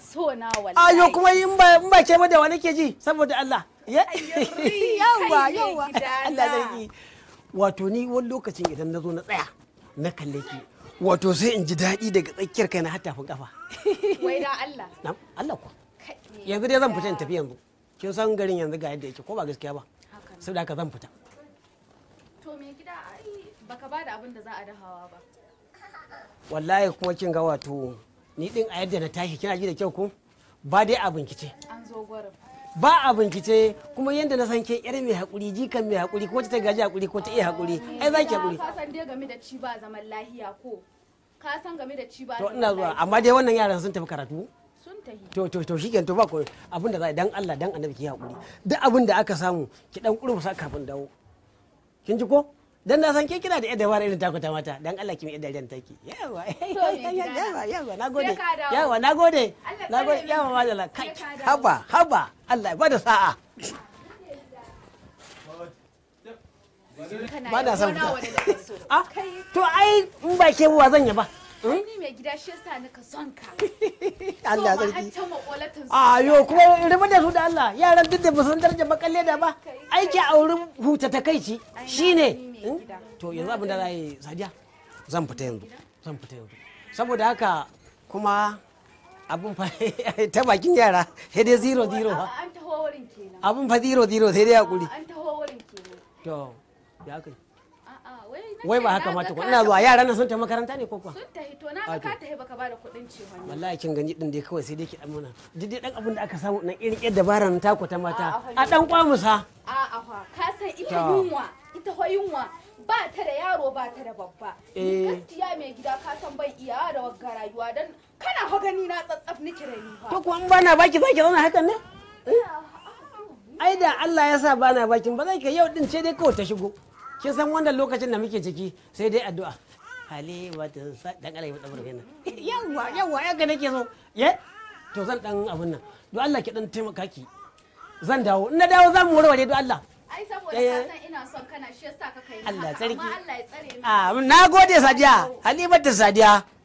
so na wallahi ayo kuma in ba in ba ke ba da wani ke ji saboda Allah yawa yawa Allah zai wato ni wani lokacin idan na zo na tsaya na kalle ki wato sai in ji daɗi daga tsakiyar kai na har tafin kafa wai da Allah na Allah ko yanzu dai zan fita in tafi yanzu kin san garin yanzu ga yadda yake ko ba gaskiya ba saboda haka zan fita to me gida ai baka ba da abin da za a dahawa ba wallahi kuma kin ga wato ni din a yadda na tashi kina ji da kyau ko ba dai a kice an zo gwarin ba a kice kuma yadda na san ke yar mai hakuri jikan mai hakuri ko ta gaji hakuri ko ta iya hakuri ai za ki hakuri ka san dai game da ci ba zaman lahiya ko ka san game da ci ba to ina zuwa amma dai wannan yaran sun tafi karatu sun tafi to to to shiken to ba ko abin da za dan Allah dan Annabi ki hakuri duk abin da aka samu ki dan kurmusa kafin dawo kin ji ko dan na san ke kina da yadda dabara irin taku ta mata dan Allah ki mi yadda ran taki yawa yawa yawa nagode yawa nagode nagode yawa madalla kai haba haba Allah ba da sa'a ba da san ah to ai in ba ke wa zan yi ba hmm? ni mai gida shi yasa nika son ka Allah sarki ma a yo kuma rubu da su da Allah yaran duk da basan daraja bakalle da ba aiki a wurin huta ta kai shi shine to yanzu abin da za yi sadiya zan fita yanzu zan fita yanzu saboda haka kuma abin fa ta bakin yara sai dai zero zero fa an taho wurin kenan fa zero zero sai dai hakuri an taho wurin kenan to ya kai wai ba haka ma tukun ina zuwa yaran na sun tafi makaranta ne ko kuwa sun tafi to na baka tafi baka bada kuɗin cewa wallahi kin gani din dai kawai sai dai ki dan mana duk dai dan abin da aka samu nan irin yadda baran ta ku ta mata a dan kwamusa a a fa ka san ita yunwa ita ho yunwa ba ta da yaro ba ta da babba ni eh. gaskiya mai gida ka san bai iyawa da wagga rayuwa dan kana ho gani na tsatsaf niki rani fa to kuma bana baki zaki zauna hakan ne eh? ai da Allah ya sa na bakin ba zai ka yau din ce dai kawai ta shigo kin san wannan lokacin da muke ciki sai dai addu'a halewa ta sa dan Allah ya bada murfi nan yawa yawa yaga nake so ye to zan dan abun nan don Allah ki dan taimaka ki zan dawo in na dawo zan warware don Allah ai saboda ka eh. san ina son kana shi yasa ka kai Allah sarki Allah ya tsare ni na gode sadiya ta sadiya